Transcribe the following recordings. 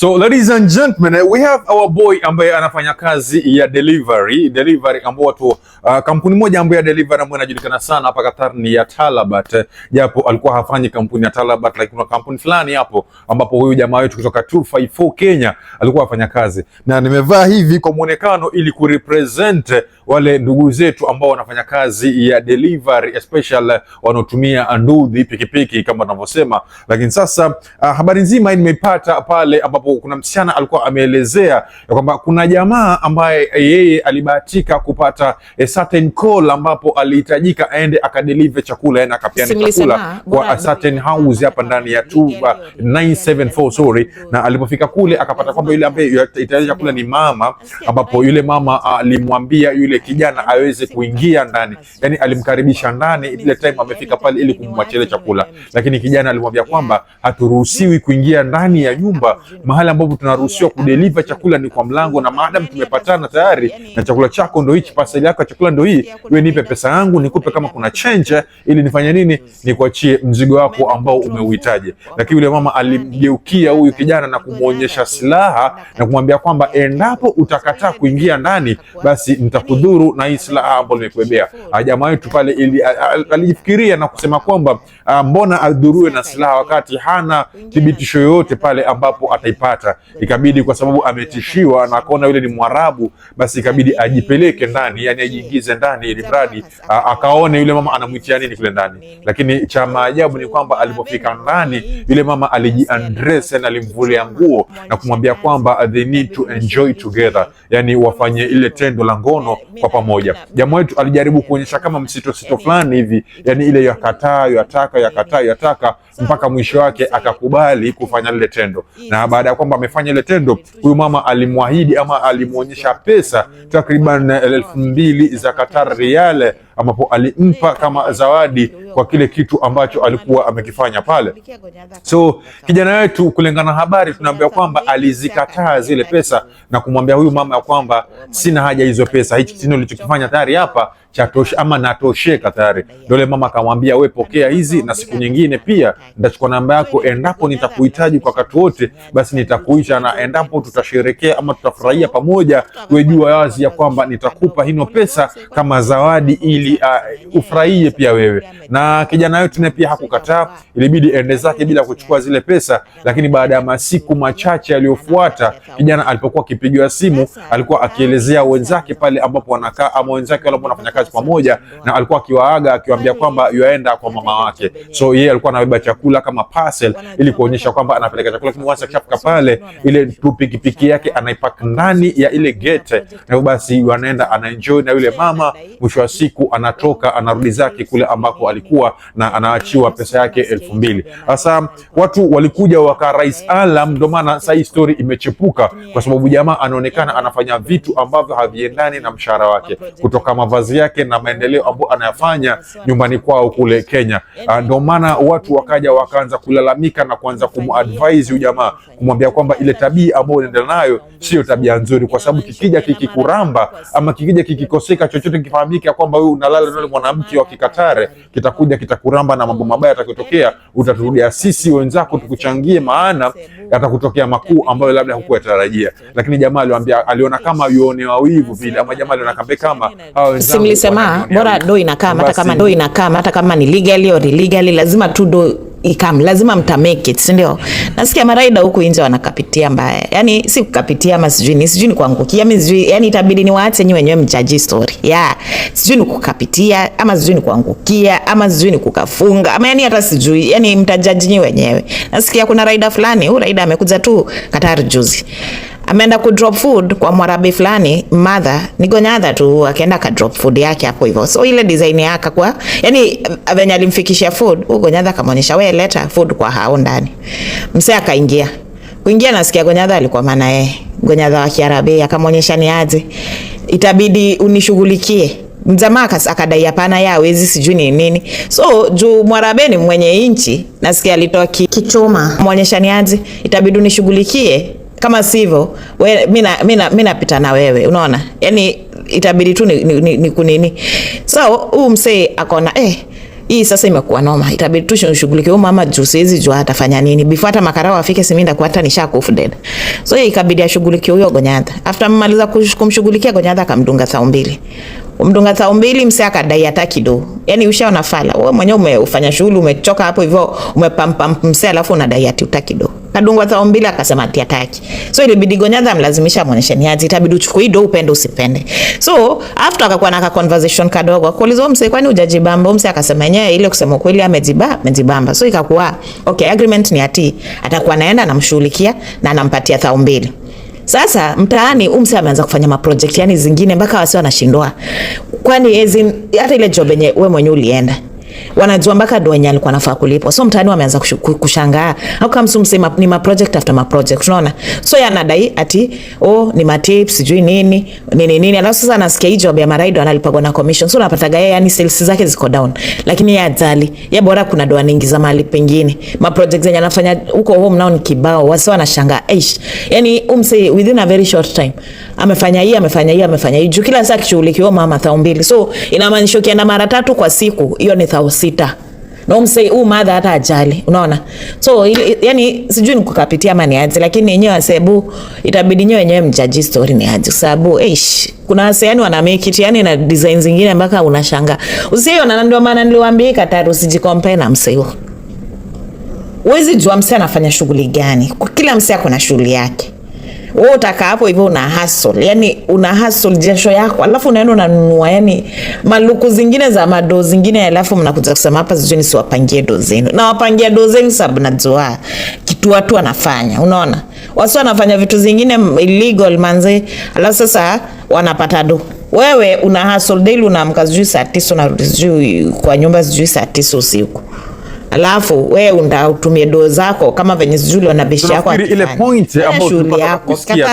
So ladies and gentlemen, eh, we have our boy ambaye anafanya kazi ya delivery delivery, ambao watu uh, kampuni moja ambayo ya delivery ambayo inajulikana sana hapa Qatar ni ya Talabat, eh, japo alikuwa hafanyi kampuni ya Talabat, lakini kuna kampuni fulani hapo ambapo huyu jamaa wetu kutoka 254 Kenya alikuwa afanya kazi, na nimevaa hivi kwa mwonekano ili kurepresent wale ndugu zetu ambao wanafanya kazi ya delivery especially wanaotumia ndudhi pikipiki kama tunavyosema. Lakini sasa uh, habari nzima nimeipata pale ambapo kuna msichana alikuwa ameelezea ya kwamba kuna jamaa ambaye yeye alibahatika kupata a certain call ambapo alihitajika aende akadeliver chakula yani akapeana chakula kwa a certain house hapa ndani ya Tuba 974 sorry, na alipofika kule akapata kwamba yule ambaye itaja chakula ni mama, ambapo yule mama alimwambia yule yule kijana aweze kuingia ndani, yani alimkaribisha ndani ile time amefika pale ili kumwachia chakula, lakini kijana alimwambia kwamba haturuhusiwi kuingia ndani ya nyumba. Mahali ambapo tunaruhusiwa kudeliver chakula ni kwa mlango, na maadamu tumepatana tayari na chakula chako ndo hichi, pasali yako chakula ndo hii, wewe nipe pesa yangu nikupe kama kuna change, ili nifanye nini? Nikuachie mzigo wako ambao umeuhitaji. Lakini yule mama alimgeukia huyu kijana na kumwonyesha silaha na kumwambia kwamba endapo utakataa kuingia ndani, basi nitakudu kudhuru na silaha ambayo nimekubebea. Ah, jamaa wetu pale alijifikiria na kusema kwamba ah, mbona adhuruwe na silaha wakati hana thibitisho yoyote pale ambapo ataipata. Ikabidi kwa sababu ametishiwa na akaona yule ni Mwarabu, basi ikabidi ajipeleke ndani, yani ajiingize ndani, ili mradi akaone yule mama anamwitia nini kule ndani. Lakini cha maajabu ni kwamba alipofika ndani, yule mama alijiandress, na alimvulia nguo na kumwambia kwamba they need to enjoy together, yani wafanye ile tendo la ngono kwa pamoja. Jamaa wetu alijaribu kuonyesha kama msitosito fulani hivi, yani ile yakataa yataka yakataa yataka, mpaka mwisho wake akakubali kufanya lile tendo. Na baada ya kwamba amefanya ile tendo, huyu mama alimwahidi ama alimwonyesha pesa takriban elfu mbili za Qatar riale ambapo alimpa kama zawadi kwa kile kitu ambacho alikuwa amekifanya pale. So kijana wetu, kulingana na habari, tunaambia kwamba alizikataa zile pesa na kumwambia huyu mama ya kwamba sina haja hizo pesa, hichi kitendo ulichokifanya tayari hapa chatosha ama natosheka tayari. Ndio yule mama akamwambia, we pokea hizi na siku nyingine pia nitachukua namba yako, endapo nitakuhitaji kwa wakati wote, basi nitakuita, na endapo tutasherekea ama tutafurahia pamoja, we jua wazi ya kwamba nitakupa hino pesa kama zawadi, ili uh, ufurahie pia wewe. Na kijana wetu naye pia hakukataa, ilibidi ende zake bila kuchukua zile pesa. Lakini baada ya masiku machache yaliyofuata, kijana alipokuwa akipigiwa simu, alikuwa akielezea wenzake pale ambapo wanakaa ama wenzake wale ambao wanafanya kazi wakati pamoja na alikuwa akiwaaga akiwaambia kwamba yuaenda kwa mama wake, so yeye alikuwa anabeba chakula kama parcel ili kuonyesha kwamba anapeleka chakula, lakini once akishafika pale ile tu pikipiki yake anaipak ndani ya ile gate, na basi anaenda anaenjoy na yule mama. Mwisho wa siku anatoka anarudi zake kule ambako alikuwa na anaachiwa pesa yake elfu mbili. Sasa watu walikuja waka Rais Alam, ndio maana sasa hii story imechepuka kwa sababu jamaa anaonekana anafanya vitu ambavyo haviendani na mshahara wake kutoka mavazi yake yake na maendeleo ambayo anayafanya nyumbani kwao kule Kenya. Ah, ndio maana watu wakaja wakaanza kulalamika na kuanza kumadvise huyu jamaa, kumwambia kwamba ile tabia ambayo unaendelea nayo sio tabia nzuri, kwa sababu kikija kikikuramba ama kikija kikikoseka chochote kifahamike kwamba wewe unalala na mwanamke wa Kikatare, kitakuja kitakuramba na mambo mabaya yatakayotokea, utaturudia sisi wenzako tukuchangie, maana yatakutokea makuu ambayo labda hukuyatarajia. Lakini jamaa aliwaambia, aliona kama yuonewa wivu vile, ama jamaa aliona kama hawa wenzangu ukisema bora do inakam hata kama do inakam hata kama ni legally or illegally, lazima tu do ikam, lazima mta make it, si ndio? Nasikia maraida huku nje wanakapitia mbaya, yani si kukapitia ama sijui ni sijui ni kuangukia mimi sijui, yani itabidi ni waache nyinyi wenyewe mchaji story ya yeah, sijui ni kukapitia ama sijui ni kuangukia ama sijui ni kukafunga ama yani hata sijui, yani mtajaji nyinyi wenyewe. Nasikia kuna raida fulani, huu raida amekuja tu katari juzi ameenda ku drop food kwa mwarabi fulani mother nigonyadha tu akaenda ka drop food yake hapo hivyo, so ile design yake kwa yani avenye alimfikishia food ugonyadha akamwonyesha, wewe leta food kwa hao ndani. mse akaingia kuingia, nasikia gonyadha alikuwa maana yeye gonyadha wa Kiarabu akamwonyesha ni aje, itabidi unishughulikie Mjamaa akadai hapana, ya hawezi sijui ni nini. So juu mwarabeni mwenye inchi, nasikia alitoa kichuma mwonyeshaniaji, itabidi unishughulikie kama sivyo mi napita na wewe, unaona yani itabidi tu ni, ni, ni ni kunini. So huu msee akaona eh, hii sasa imekuwa noma, itabidi tu shughulike huyu mama juu siwezi jua atafanya nini before hata makarao afike, simi mimi ndakuwa hata nishakufa dead. So yeye ikabidi ashughulikie huyo Gonyadha. After mmaliza kumshughulikia Gonyadha, akamdunga thao mbili, umdunga thao mbili, msee akadai hata kidogo. Yani ushaona fala wewe mwenyewe umefanya shughuli, umechoka hapo hivyo, umepampam msee, alafu unadai hata kidogo Kadungwa zao mbili akasema hataki. So ilibidi Gonyadha amlazimisha amwonyeshe niaje, itabidi uchukue hii do upende usipende. So after akakuwa na conversation kadogo, akaulizwa oh, mse, kwani hujajibamba? Mse akasema yenyewe ile kusema kweli amejiba amejibamba. So ikakuwa okay, agreement ni ati atakuwa naenda anamshughulikia na anampatia zao mbili. Sasa mtaani umse ameanza kufanya maprojekti yani zingine mpaka wasi wanashindwa, kwani hata ile job yenye wewe mwenyewe ulienda wanajua mpaka ndo wenye alikuwa nafaa kulipwa. So mtaani wameanza kushangaa au kama msema ni ma project after ma project, unaona. So yanadai ati oh, ni ma tips sijui nini nini nini, alafu sasa anasikia hii job ya maraido analipagwa na commission, so unapataga yeye, yani sales zake ziko down, lakini yeye ajali yeye, bora kuna doa nyingi za mali pengine ma project zenye anafanya huko home nao ni kibao, wasio wanashangaa eish, yani umse within a very short time amefanya hii amefanya hii amefanya hii, juu kila saa kishughulikiwa mama thao mbili. so inamaanisha ukienda mara tatu kwa siku hiyo ni thao sita na msei huu madha hata ajali, unaona. So ili, yani sijui nikukapitia ama ni aje, lakini yenyewe asebu itabidi nyewe wenyewe mjaji story ni aje, sababu eish, kuna wase yani wana make it yani na design zingine mpaka unashanga usiyo na, ndio maana niliwaambia Kataru usijicompare na msei huo. Uwezi jua msee anafanya shughuli gani, kila msee ako na shughuli yake wewe utakaa hapo hivyo una hustle, yani una hustle jasho yako, alafu unaenda unanunua yani maluku zingine za mado zingine, alafu mnakuja kusema hapa sijui nisiwapangie do zenu, na wapangia do zenu sababu najua kitu watu wanafanya. Unaona wasi wanafanya vitu zingine illegal manze, alafu sasa wanapata do wewe una hustle daily, unaamka sijui saa tisa unarudi sijui kwa nyumba sijui saa tisa usiku alafu we unautumia doo zako kama venye zule wanabishi yako. Ile point ambayo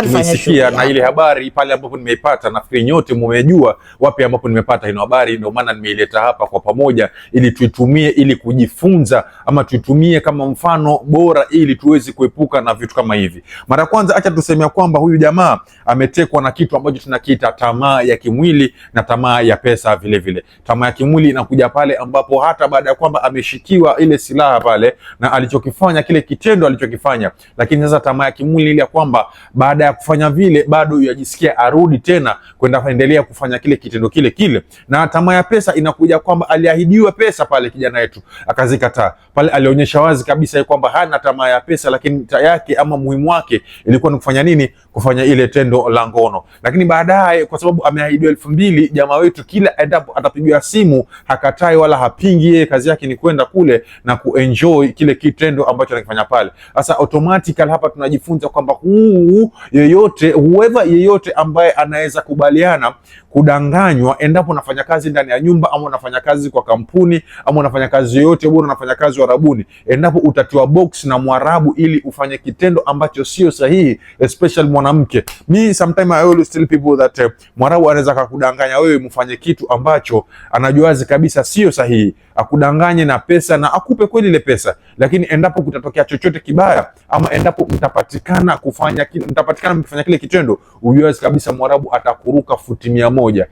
tumesikia na ile habari pale ambapo nimeipata, nafikiri nyote mumejua wapi ambapo nimepata ino habari, ndio maana nimeileta hapa kwa pamoja, ili tuitumie, ili kujifunza ama tuitumie kama mfano bora, ili tuwezi kuepuka na vitu kama hivi. Mara ya kwanza, acha tusemea kwamba huyu jamaa ametekwa na kitu ambacho tunakiita tamaa ya kimwili na tamaa ya pesa vilevile vile. Tamaa ya kimwili inakuja pale ambapo hata baada ya kwamba ameshikiwa ile silaha pale na alichokifanya kile kitendo alichokifanya, lakini sasa tamaa ya kimwili ile ya kwamba baada ya kufanya vile bado yajisikia arudi tena kwenda kuendelea kufanya kile kitendo kile kile, na tamaa ya pesa inakuja kwamba aliahidiwa pesa pale kijana wetu akazikataa. Pale alionyesha wazi kabisa kwamba hana tamaa ya pesa, lakini ta yake ama muhimu wake ilikuwa ni kufanya nini? Kufanya ile tendo la ngono. Lakini baadaye kwa sababu ameahidiwa elfu mbili, jamaa wetu kila endapo atapigiwa simu hakatai wala hapingi, yeye kazi yake ni kwenda kule na kuenjoy kile kitendo ambacho anakifanya pale. Sasa automatically hapa tunajifunza kwamba huu yeyote, whoever yeyote ambaye anaweza kubaliana kudanganywa, endapo unafanya kazi ndani ya nyumba ama unafanya kazi kwa kampuni ama unafanya kazi yoyote, bora unafanya kazi Warabuni, endapo utatiwa box na Mwarabu ili ufanye kitendo ambacho sio sahihi, especially mwanamke. Me sometimes I always tell people that uh, Mwarabu anaweza kakudanganya wewe mfanye kitu ambacho anajuazi kabisa sio sahihi akudanganye na pesa na akupe kweli ile pesa, lakini endapo kutatokea chochote kibaya ama endapo mtapatikana kufanya mtapatikana mfanya kile kitendo, ujue kabisa Mwarabu atakuruka futi mia moja,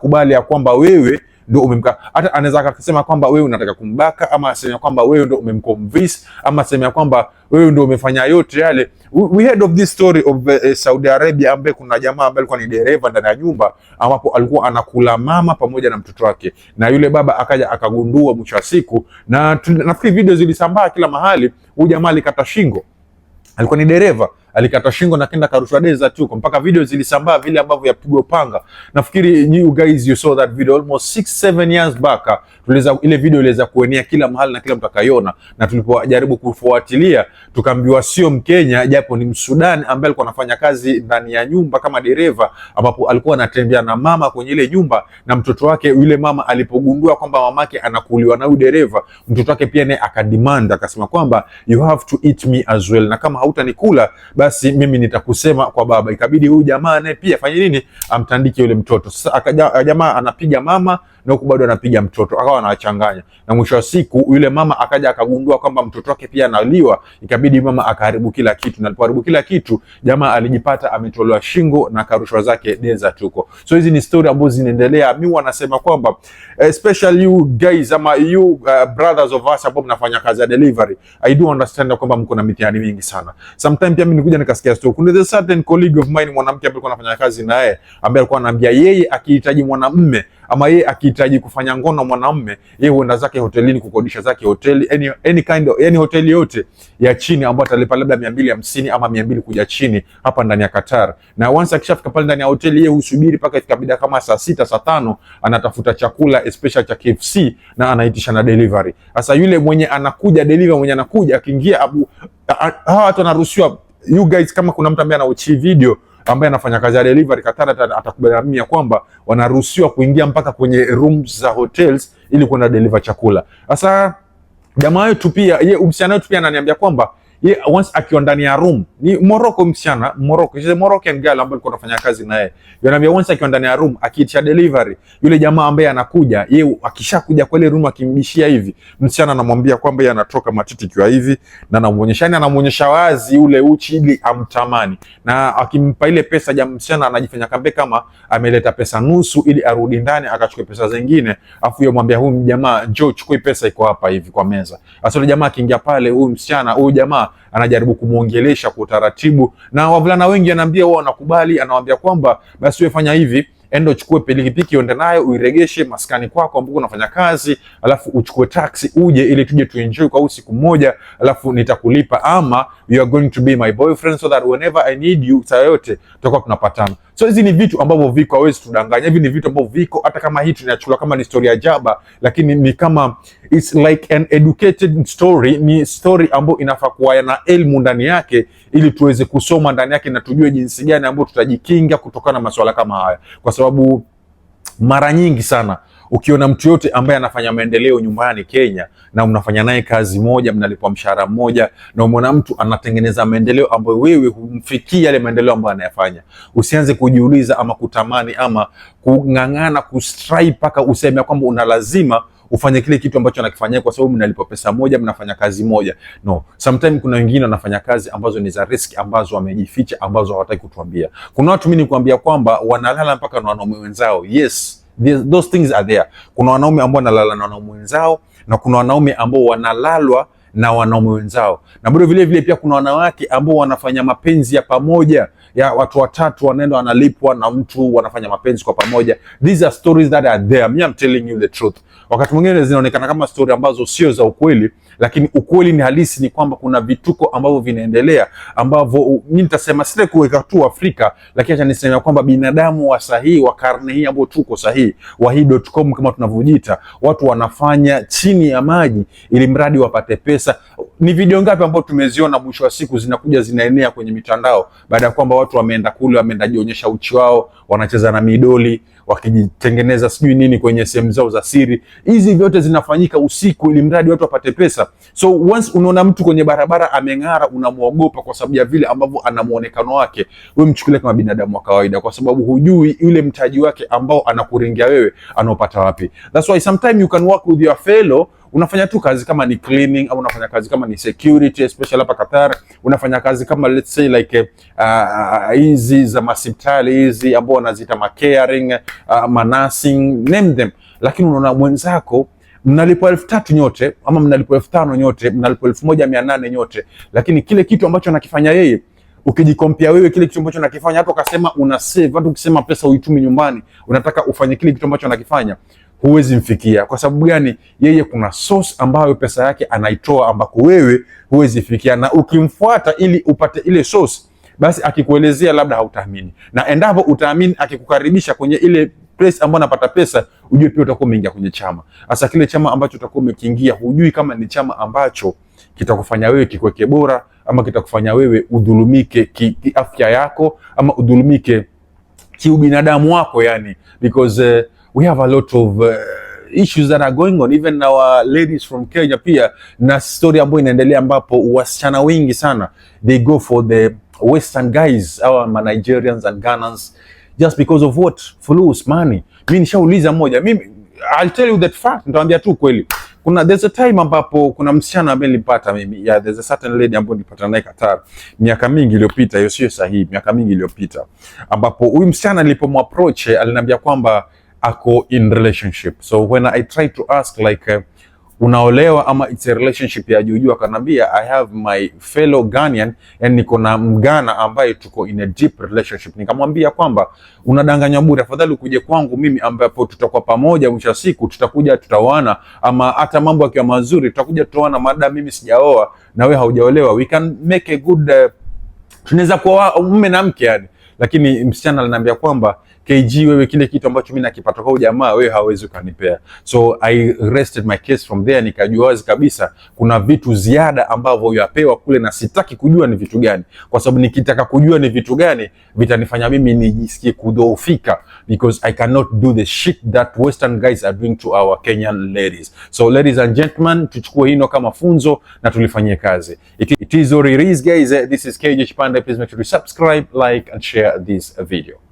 kubali ya kwamba wewe ndio umemka. Hata anaweza akasema kwamba wewe unataka kumbaka, ama asema kwamba wewe ndio umemconvince, ama asema kwamba wewe ndio umefanya yote yale. We heard of this story of uh, Saudi Arabia, ambaye kuna jamaa ambaye alikuwa ni dereva ndani ya nyumba, ambapo alikuwa anakula mama pamoja na mtoto wake, na yule baba akaja akagundua mwisho wa siku, na nafikiri video zilisambaa kila mahali. Huyu jamaa alikata shingo, alikuwa ni dereva alikatwa shingo na kenda karushwa deza tuko mpaka video zilisambaa vile ambavyo yapigwa panga. Nafikiri you guys you saw that video almost 6 7 years back, ah, tuliza ile video iliweza kuenea kila mahali na kila mtu akaiona, na tulipojaribu kufuatilia tukaambiwa sio Mkenya, japo ni Msudani ambaye alikuwa anafanya kazi ndani ya nyumba kama dereva, ambapo alikuwa anatembea na mama kwenye ile nyumba na mtoto wake. Yule mama alipogundua kwamba mamake anakuliwa na huyu dereva, mtoto wake pia naye akademand akasema kwamba you have to eat me as well, na kama hautanikula basi basi mimi nitakusema kwa baba. Ikabidi huyu jamaa naye pia afanye nini, amtandike yule mtoto. Sasa jamaa anapiga mama na huku bado anapiga mtoto, akawa anawachanganya, na mwisho wa siku yule mama akaja akagundua kwamba mtoto wake pia analiwa, ikabidi mama akaharibu kila kitu, na alipoharibu kila kitu, jamaa alijipata ametolewa shingo na karushwa zake deza tuko. So hizi ni story ambazo zinaendelea. Mimi wanasema kwamba especially you guys ama you uh, brothers of us ambao mnafanya kazi ya delivery, I do understand kwamba mko na mitihani mingi sana. Sometimes pia mimi nikuja nikasikia story, kuna a certain colleague of mine mwanamke ambaye alikuwa anafanya kazi naye ambaye alikuwa anaambia yeye akihitaji mwanamume ama yeye akihitaji kufanya ngono mwanamume, yeye huenda zake hotelini kukodisha zake hoteli any, any kind of, yani hoteli yote ya chini ambayo atalipa labda mia mbili hamsini ama mia mbili kuja chini hapa ndani ya Qatar. Na once akishafika pale ndani ya hoteli, yeye husubiri mpaka itakabida kama saa sita saa tano anatafuta chakula especially cha KFC na anaitisha na delivery. Sasa yule mwenye anakuja delivery, mwenye anakuja akiingia, hawa watu wanaruhusiwa you guys, kama kuna mtu ambaye anauchi video ambaye anafanya kazi ya delivery Qatar atakubaliana mimi ya kwamba wanaruhusiwa kuingia mpaka kwenye rooms za hotels ili kwenda deliver chakula. Sasa jamaa wetu pia yeye msichana wetu pia ananiambia kwamba ye once akiwa ndani ya room ni Morocco, msichana Morocco, a Moroccan girl ambaye alikuwa anafanya kazi naye, yanaambia once akiwa ndani ya room akiitisha delivery, yule jamaa ambaye anakuja ye, akishakuja kwa ile room akimbishia hivi, msichana anamwambia kwamba yeye anatoka matiti kwa hivi, na anamuonyesha yani, anamuonyesha wazi ule uchi ili amtamani, na akimpa ile pesa jamaa msichana anajifanya kambe kama ameleta pesa nusu, ili arudi ndani akachukue pesa zingine, afu yeye mwambia huyu jamaa, njoo chukue pesa iko hapa hivi kwa meza Sasa jamaa akiingia pale, huyu msichana huyu jamaa anajaribu kumwongelesha kwa utaratibu, na wavulana wengi anaambia wao wanakubali, anawaambia kwamba basi wewe fanya hivi enda uchukue pikipiki uende nayo uiregeshe maskani kwako ambako unafanya kazi, alafu uchukue taxi uje, ili tuje tuenjoy kwa siku moja, alafu nitakulipa, ama you are going to be my boyfriend so that whenever I need you, saa yote tutakuwa tunapatana. So hizi ni vitu ambavyo viko, hawezi tudanganya. Hivi ni vitu ambavyo viko, hata kama hii tunachukulia kama ni story ya jaba, lakini ni kama it's like an educated story, ni story ambayo inafaa kuwa na elimu ndani yake ili tuweze kusoma ndani yake na tujue jinsi gani ambayo tutajikinga kutokana na masuala kama haya, kwa sababu mara nyingi sana ukiona mtu yote ambaye anafanya maendeleo nyumbani Kenya na mnafanya naye kazi moja, mnalipwa mshahara mmoja, na umeona mtu anatengeneza maendeleo ambayo wewe humfikii yale maendeleo ambayo anayafanya, usianze kujiuliza ama kutamani ama kung'ang'ana kustrive mpaka useme kwamba una lazima ufanye kile kitu ambacho anakifanyia kwa sababu mnalipwa pesa moja, mnafanya kazi moja. No, sometimes kuna wengine wanafanya kazi ambazo ni za risk, ambazo wamejificha, ambazo hawataki kutuambia. Kuna watu mimi nikwambia kwamba wanalala mpaka na wanaume wenzao. Yes, those things are there. Kuna wanaume ambao wanalala na wanaume wenzao na kuna wanaume ambao wanalalwa na wanaume wenzao, na bado vile vile pia kuna wanawake ambao wanafanya mapenzi ya pamoja ya watu watatu wanaenda wanalipwa na mtu wanafanya mapenzi kwa pamoja. These are stories that are there. Me, I'm telling you the truth. Wakati mwingine zinaonekana kama story ambazo sio za ukweli lakini ukweli ni halisi ni kwamba kuna vituko ambavyo vinaendelea ambavyo mi nitasema sile kuweka tu Afrika, lakini acha niseme kwamba binadamu wa sahihi wa karne hii ambao tuko sahihi wa hii kama tunavyojiita, watu wanafanya chini ya maji ili mradi wapate pesa. Ni video ngapi ambazo tumeziona mwisho wa siku zinakuja zinaenea kwenye mitandao baada ya kwamba watu wameenda kule, wameenda jionyesha uchi wao, wanacheza na midoli wakijitengeneza sijui nini kwenye sehemu zao za siri. Hizi vyote zinafanyika usiku, ili mradi watu wapate pesa. So once unaona mtu kwenye barabara ameng'ara, unamwogopa kwa sababu ya vile ambavyo ana muonekano wake. We mchukulie kama binadamu wa kawaida, kwa sababu hujui yule mtaji wake ambao anakuringia wewe anaopata wapi. That's why sometimes you can work with your fellow unafanya tu kazi kama ni cleaning au unafanya kazi kama ni security, especially hapa Qatar, unafanya kazi kama let's say like eh, eh, hizi uh, za masipitali hizi ambao wanazita ma caring uh, eh, manasing name them, lakini unaona mwenzako mnalipo elfu tatu nyote ama mnalipo elfu tano nyote mnalipo elfu moja mia nane nyote, lakini kile kitu ambacho anakifanya yeye ukijikompia wewe kile kitu ambacho unakifanya hata ukasema una save, hata ukisema pesa uitumi nyumbani, unataka ufanye kile kitu ambacho anakifanya huwezi mfikia. Kwa sababu gani? Yeye kuna source ambayo pesa yake anaitoa ambako wewe huwezi fikia, na ukimfuata ili upate ile source, basi akikuelezea labda hautaamini, na endapo utaamini, akikukaribisha kwenye ile place ambayo anapata pesa, ujue pia utakuwa umeingia kwenye chama. Hasa kile chama ambacho utakuwa umekiingia, hujui kama ni chama ambacho kitakufanya wewe kikweke bora ama kitakufanya wewe udhulumike kiafya ki yako ama udhulumike kiubinadamu wako yani because uh, we have a lot of uh, issues that are going on even our ladies from Kenya pia na story ambayo inaendelea ambapo wasichana wengi sana they go for the western guys our Nigerians and Ghanaians just because of what Fulus money. Mimi nishauliza moja, mimi I'll tell you that fact, nitawaambia tu kweli. Kuna there's a time ambapo kuna msichana ambaye nilipata mimi yeah, there's a certain lady ambayo nilipata naye Qatar miaka mingi iliyopita. Hiyo sio sahihi, miaka mingi iliyopita ambapo huyu msichana nilipomapproach aliniambia kwamba ako in relationship. So when I try to ask like uh, unaolewa ama it's a relationship ya juu juu, akanambia I have my fellow Ghanaian, yani niko na mgana ambaye tuko in a deep relationship. Nikamwambia kwamba unadanganywa bure, afadhali ukuje kwangu mimi, ambapo tutakuwa pamoja, mwisho siku tutakuja tutaoana, ama hata mambo akiwa mazuri tutakuja tutaoana, mada mimi sijaoa na wewe haujaolewa, we can make a good uh, tunaweza kuwa mume na mke yani. Lakini msichana alinambia kwamba KG, wewe kile kitu ambacho mimi nakipata kwa ujamaa wewe hawezi ukanipea. So I rested my case from there, nikajua wazi kabisa kuna vitu ziada ambavyo yapewa kule, na sitaki kujua ni vitu gani, kwa sababu nikitaka kujua ni vitu gani vitanifanya mimi nijisikie kudhoofika, because I cannot do the shit that western guys are doing to our Kenyan ladies. So ladies and gentlemen, tuchukue hino kama funzo na tulifanyie kazi. It, it is it is guys. This is KG Chipande. Please make sure to subscribe, like and share this video.